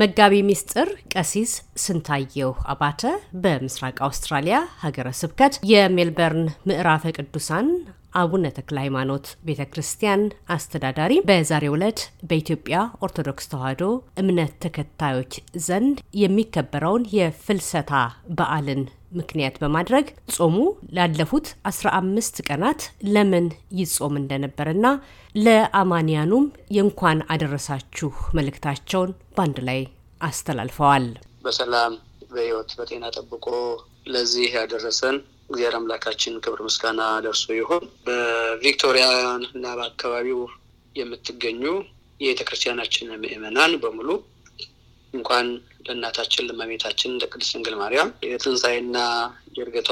መጋቢ ሚስጥር ቀሲስ ስንታየው አባተ በምስራቅ አውስትራሊያ ሀገረ ስብከት የሜልበርን ምዕራፈ ቅዱሳን አቡነ ተክለ ሃይማኖት ቤተ ክርስቲያን አስተዳዳሪ በዛሬው ዕለት በኢትዮጵያ ኦርቶዶክስ ተዋሕዶ እምነት ተከታዮች ዘንድ የሚከበረውን የፍልሰታ በዓልን ምክንያት በማድረግ ጾሙ ላለፉት 15 ቀናት ለምን ይጾም እንደነበርና ለአማንያኑም የእንኳን አደረሳችሁ መልእክታቸውን በአንድ ላይ አስተላልፈዋል። በሰላም በሕይወት በጤና ጠብቆ ለዚህ ያደረሰን እግዚአብሔር አምላካችን ክብር ምስጋና ደርሶ ይሁን። በቪክቶሪያን እና በአካባቢው የምትገኙ የቤተክርስቲያናችን ምእመናን በሙሉ እንኳን ለእናታችን ለመቤታችን ለቅድስት ድንግል ማርያም የትንሣኤና የእርገቷ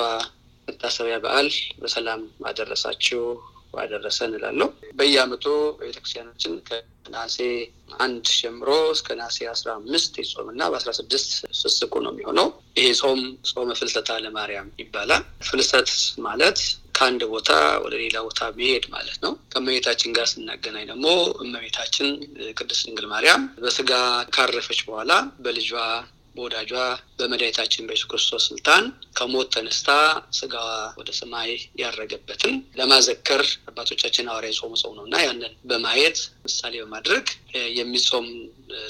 መታሰቢያ በዓል በሰላም አደረሳችሁ። አደረሰን እላለሁ። በየአመቱ ቤተክርስቲያናችን ከነሐሴ አንድ ጀምሮ እስከ ነሐሴ አስራ አምስት የጾም እና በአስራ ስድስት ፍስቁ ነው የሚሆነው። ይሄ ጾም ጾመ ፍልሰታ ለማርያም ይባላል። ፍልሰት ማለት ከአንድ ቦታ ወደ ሌላ ቦታ መሄድ ማለት ነው። ከእመቤታችን ጋር ስናገናኝ ደግሞ እመቤታችን ቅድስት ድንግል ማርያም በስጋ ካረፈች በኋላ በልጇ በወዳጇ በመድኃኒታችን በኢየሱስ ክርስቶስ ስልጣን ከሞት ተነስታ ስጋዋ ወደ ሰማይ ያረገበትን ለማዘከር አባቶቻችን ሐዋርያ የጾሙ ጾም ነው እና ያንን በማየት ምሳሌ በማድረግ የሚጾም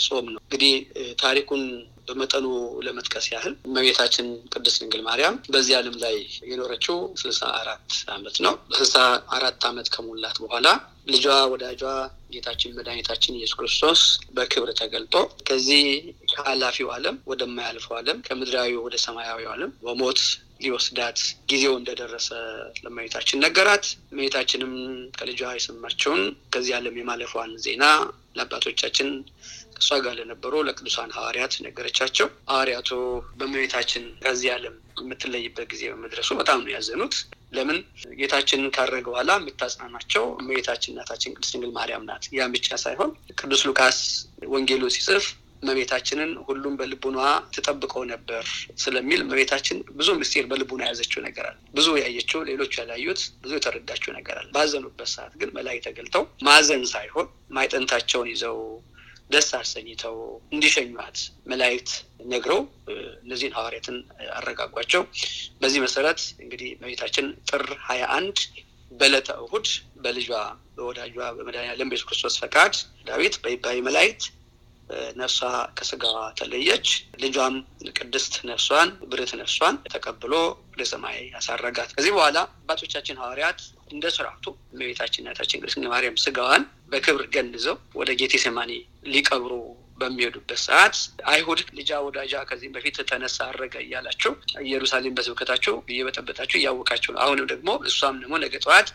ጾም ነው። እንግዲህ ታሪኩን በመጠኑ ለመጥቀስ ያህል እመቤታችን ቅድስት ድንግል ማርያም በዚህ ዓለም ላይ የኖረችው ስልሳ አራት ዓመት ነው። ስልሳ አራት ዓመት ከሞላት በኋላ ልጇ ወዳጇ ጌታችን መድኃኒታችን ኢየሱስ ክርስቶስ በክብር ተገልጦ ከዚህ ከኃላፊው ዓለም ወደማያልፈው ዓለም ከምድራዊ ወደ ሰማያዊ ዓለም በሞት ሊወስዳት ጊዜው እንደደረሰ ለእመቤታችን ነገራት። እመቤታችንም ከልጇ የሰማቸውን ከዚህ ዓለም የማለፏን ዜና ለአባቶቻችን እሷ ጋር ለነበሩ ለቅዱሳን ሐዋርያት ነገረቻቸው። ሐዋርያቱ በእመቤታችን ከዚህ ዓለም የምትለይበት ጊዜ በመድረሱ በጣም ነው ያዘኑት። ለምን ጌታችንን ካረገ በኋላ የምታጽናናቸው እመቤታችን እናታችን ቅድስት ድንግል ማርያም ናት። ያን ብቻ ሳይሆን ቅዱስ ሉቃስ ወንጌሉ ሲጽፍ እመቤታችንን ሁሉም በልቡኗ ትጠብቀው ነበር ስለሚል እመቤታችን ብዙ ምስጢር በልቡና የያዘችው ነገር አለ። ብዙ ያየችው፣ ሌሎች ያላዩት፣ ብዙ የተረዳችው ነገር አለ። ባዘኑበት ሰዓት ግን መላእክት ተገልጠው ማዘን ሳይሆን ማይጠንታቸውን ይዘው ደስ አሰኝተው እንዲሸኟት መላእክት ነግረው እነዚህን ሐዋርያትን አረጋጓቸው። በዚህ መሰረት እንግዲህ መቤታችን ጥር ሀያ አንድ በዕለተ እሁድ በልጇ በወዳጇ በመድኃኔዓለም በኢየሱስ ክርስቶስ ፈቃድ ዳዊት በይባይ መላእክት ነፍሷ ከስጋዋ ተለየች። ልጇም ቅድስት ነፍሷን ብርት ነፍሷን ተቀብሎ ወደ ሰማይ ያሳረጋት። ከዚህ በኋላ አባቶቻችን ሐዋርያት እንደ ስርዓቱ እመቤታችን እናታችን ቅድስት ማርያም ስጋዋን በክብር ገንዘው ወደ ጌቴ ሰማኒ ሊቀብሩ በሚሄዱበት ሰዓት አይሁድ ልጃ ወዳጃ ከዚህም በፊት ተነሳ አረገ እያላቸው ኢየሩሳሌም በስብከታቸው እየበጠበጣቸው እያወቃቸው ነው። አሁንም ደግሞ እሷም ደግሞ ነገ ጠዋት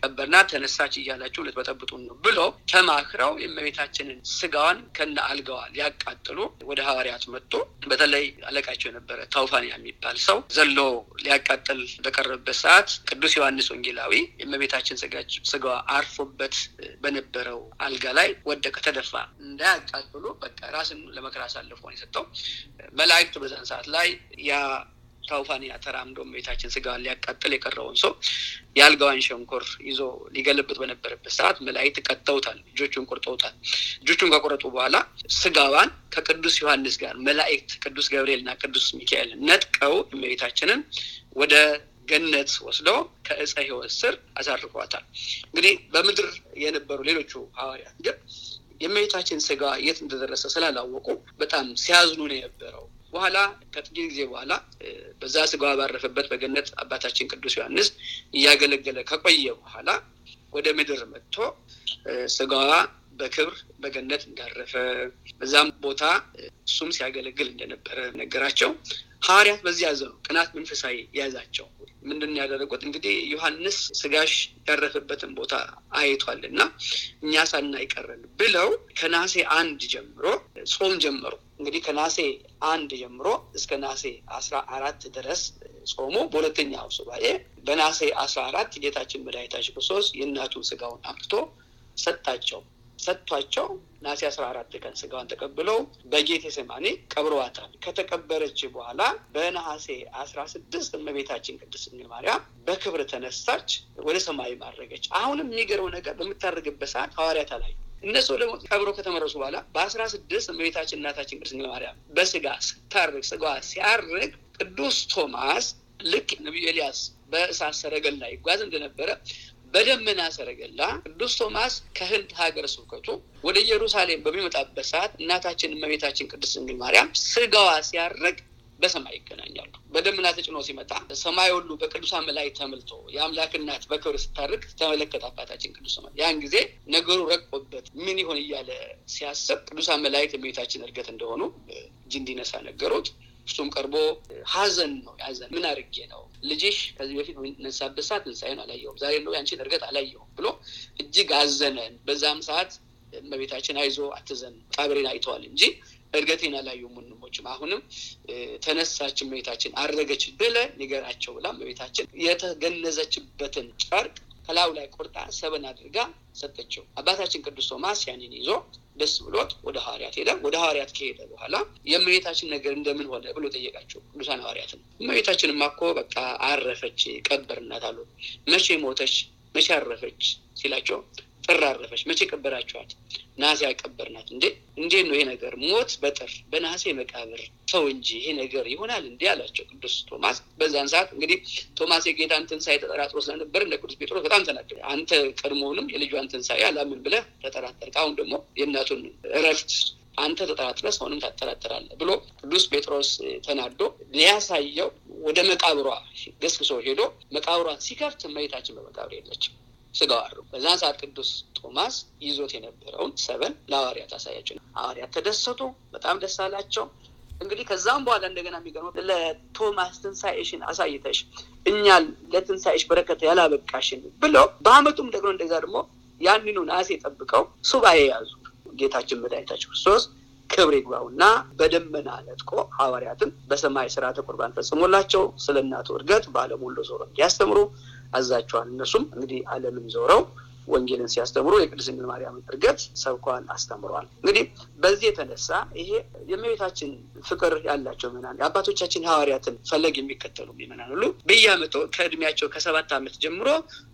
ቀበርና ተነሳች እያላቸው ልትበጠብጡን ነው ብሎ ተማክረው የእመቤታችንን ስጋዋን ከነ አልጋዋ ሊያቃጥሉ ወደ ሐዋርያት መጡ። በተለይ አለቃቸው የነበረ ታውፋንያ የሚባል ሰው ዘሎ ሊያቃጥል በቀረበበት ሰዓት ቅዱስ ዮሐንስ ወንጌላዊ የእመቤታችን ስጋዋ አርፎበት በነበረው አልጋ ላይ ወደቀ፣ ተደፋ እንዳያቃጥሉ በቃ ራስን ለመከራ አሳልፎ ነው የሰጠው። መላእክት በዛን ሰዓት ላይ ያ ታውፋንያ ተራምዶም ቤታችን ስጋን ሊያቃጥል የቀረውን ሰው የአልጋዋን ሸንኮር ይዞ ሊገለብጥ በነበረበት ሰዓት መላእክት ቀጥተውታል፣ እጆቹን ቆርጠውታል። እጆቹን ከቆረጡ በኋላ ስጋዋን ከቅዱስ ዮሐንስ ጋር መላእክት ቅዱስ ገብርኤል ና ቅዱስ ሚካኤል ነጥቀው ቤታችንን ወደ ገነት ወስዶ ከእፀ ህይወት ስር አሳርፏታል። እንግዲህ በምድር የነበሩ ሌሎቹ ሐዋርያት ግን የእመቤታችን ስጋ የት እንደደረሰ ስላላወቁ በጣም ሲያዝኑ ነው የነበረው። በኋላ ከጥቂት ጊዜ በኋላ በዛ ስጋ ባረፈበት በገነት አባታችን ቅዱስ ዮሐንስ እያገለገለ ከቆየ በኋላ ወደ ምድር መጥቶ ስጋዋ በክብር በገነት እንዳረፈ በዛም ቦታ እሱም ሲያገለግል እንደነበረ ነገራቸው። ሐዋርያት በዚህ ያዘው ቅናት መንፈሳዊ የያዛቸው ምንድን ያደረጉት እንግዲህ ዮሐንስ ስጋሽ ያረፈበትን ቦታ አይቷል እና እኛ ሳናይቀረን ብለው ከነሐሴ አንድ ጀምሮ ጾም ጀመሩ። እንግዲህ ከነሐሴ አንድ ጀምሮ እስከ ነሐሴ አስራ አራት ድረስ ጾሙ። በሁለተኛው ሱባኤ በነሐሴ አስራ አራት ጌታችን መድኃኒታችን ክርስቶስ የእናቱን ስጋውን አምጥቶ ሰጣቸው። ሰጥቷቸው ነሐሴ አስራ አራት ቀን ስጋዋን ተቀብለው በጌቴ ቀብረዋታል። ከተቀበረች በኋላ በነሐሴ አስራ ስድስት እመቤታችን ቅድስት ድንግል ማርያም በክብር ተነሳች፣ ወደ ሰማይ ማረገች። አሁንም የሚገርመው ነገር በምታደርግበት ሰዓት ሐዋርያት አላዩ። እነሱ ደግሞ ቀብሮ ከተመረሱ በኋላ በአስራ ስድስት እመቤታችን እናታችን ቅድስት ድንግል ማርያም በስጋ ስታርግ፣ ስጋዋ ሲያርግ ቅዱስ ቶማስ ልክ ነቢዩ ኤልያስ በእሳት ሰረገላ ይጓዝ እንደነበረ በደመና ሰረገላ ቅዱስ ቶማስ ከህንድ ሀገረ ስብከቱ ወደ ኢየሩሳሌም በሚመጣበት ሰዓት እናታችን እመቤታችን ቅድስት ድንግል ማርያም ስጋዋ ሲያርግ በሰማይ ይገናኛሉ። በደመና ተጭኖ ሲመጣ ሰማይ ሁሉ በቅዱሳን መላይ ተመልቶ የአምላክ እናት በክብር ስታርቅ ተመለከተ አባታችን ቅዱስ ቶማስ። ያን ጊዜ ነገሩ ረቆበት ምን ይሆን እያለ ሲያስብ ቅዱሳን መላእክት እመቤታችን እርገት እንደሆኑ እጅ እንዲነሳ ነገሩት። እሱም ቀርቦ ሀዘን ነው ያዘን ምን አርጌ ነው ልጅሽ ከዚህ በፊት በሚነሳበት ሰዓት ትንሣኤን አላየውም ዛሬ ነው ያንቺን እርገጥ አላየውም ብሎ እጅግ አዘነን። በዛም ሰዓት መቤታችን አይዞ አትዘን ቀብሬን አይተዋል እንጂ እርገቴን አላዩም። ወንድሞችም አሁንም ተነሳችን መቤታችን አረገች ብለ ንገራቸው ብላ መቤታችን የተገነዘችበትን ጨርቅ ከላዩ ላይ ቆርጣ ሰበን አድርጋ ሰጠችው። አባታችን ቅዱስ ቶማስ ያንን ይዞ ደስ ብሎት ወደ ሐዋርያት ሄደ። ወደ ሐዋርያት ከሄደ በኋላ የእመቤታችን ነገር እንደምን ሆነ ብሎ ጠየቃቸው ቅዱሳን ሐዋርያትን። እመቤታችንማ ማኮ በቃ አረፈች፣ ቀበርናት አሉ። መቼ ሞተች፣ መቼ አረፈች ሲላቸው ጥር አረፈች። መቼ ቀበራችኋት? ናሴ አቀበርናት። እንዴ እንዴ ነው ይሄ ነገር? ሞት በጥር በናሴ መቃብር ሰው እንጂ ይሄ ነገር ይሆናል እንዴ አላቸው ቅዱስ ቶማስ። በዛን ሰዓት እንግዲህ ቶማስ የጌታን ትንሳኤ ተጠራጥሮ ስለነበር እንደ ቅዱስ ጴጥሮስ በጣም ተናደደ። አንተ ቀድሞውንም የልጇን ትንሣኤ አላምን ብለህ ተጠራጠርክ፣ አሁን ደግሞ የእናቱን እረፍት አንተ ተጠራጥረህ ሰውንም ታጠራጥራለህ ብሎ ቅዱስ ጴጥሮስ ተናዶ ሊያሳየው ወደ መቃብሯ ገስግሶ ሄዶ መቃብሯ ሲከፍት እመቤታችን በመቃብር የለችም። ስጋው አረጉ። በዛን ሰዓት ቅዱስ ቶማስ ይዞት የነበረውን ሰበን ለሐዋርያት አሳያቸው። ሐዋርያት ተደሰቱ፣ በጣም ደስ አላቸው። እንግዲህ ከዛም በኋላ እንደገና የሚገርመው ለቶማስ ትንሳኤሽን አሳይተሽ እኛ ለትንሳኤሽ በረከት ያላበቃሽን ብለው በአመቱም ደግሞ እንደዛ ደግሞ ያንኑ ነሐሴ ጠብቀው ሱባኤ ያዙ ጌታችን መድኃኒታችን ክርስቶስ ክብር ይግባውና በደመና ነጥቆ ሐዋርያትን በሰማይ ስራ ተቁርባን ፈጽሞላቸው ስለ እናቱ እድገት በዓለም ሁሉ ዞሮ እንዲያስተምሩ አዛቸዋል። እነሱም እንግዲህ አለምን ዞረው ወንጌልን ሲያስተምሩ የቅድስት ድንግል ማርያምን እርገት ሰብኳል፣ አስተምረዋል። እንግዲህ በዚህ የተነሳ ይሄ የእመቤታችን ፍቅር ያላቸው ምናምን የአባቶቻችን ሐዋርያትን ፈለግ የሚከተሉ ምናምን ሁሉ በየዓመቱ ከእድሜያቸው ከሰባት ዓመት ጀምሮ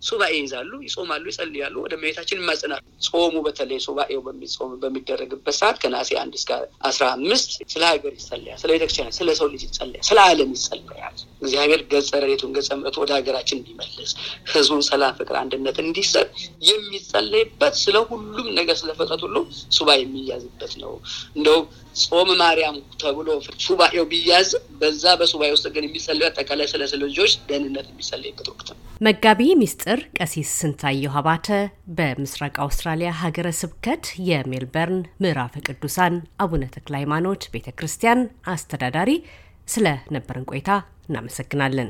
ሱባኤ ይይዛሉ፣ ይጾማሉ፣ ይጸልያሉ፣ ወደ እመቤታችን ይማጽናሉ። ጾሙ በተለይ ሱባኤው በሚጾም በሚደረግበት ሰዓት ከነሐሴ አንድ እስከ አስራ አምስት ስለ ሀገር ይጸለያል፣ ስለ ቤተክርስቲያን፣ ስለ ሰው ልጅ ይጸለያል፣ ስለ ዓለም ይጸለያል። እግዚአብሔር ገጸ ረድኤቱን ገጸ ምሕረቱን ወደ ሀገራችን እንዲመልስ ህዝቡን ሰላም፣ ፍቅር፣ አንድነት እንዲሰጥ የሚጸለይበት ስለ ሁሉም ነገር ስለፈጥረት ሁሉ ሱባ የሚያዝበት ነው። እንደው ጾም ማርያም ተብሎ ሱባኤው ቢያዝ በዛ በሱባ ውስጥ ግን የሚጸለዩ አጠቃላይ ስለ ልጆች ደህንነት የሚጸለይበት ወቅት ነው። መጋቢ ሚስጥር ቀሲስ ስንታየሁ ሀባተ በምስራቅ አውስትራሊያ ሀገረ ስብከት የሜልበርን ምዕራፈ ቅዱሳን አቡነ ተክለ ሃይማኖት ቤተ ክርስቲያን አስተዳዳሪ ስለ ነበረን ቆይታ እናመሰግናለን።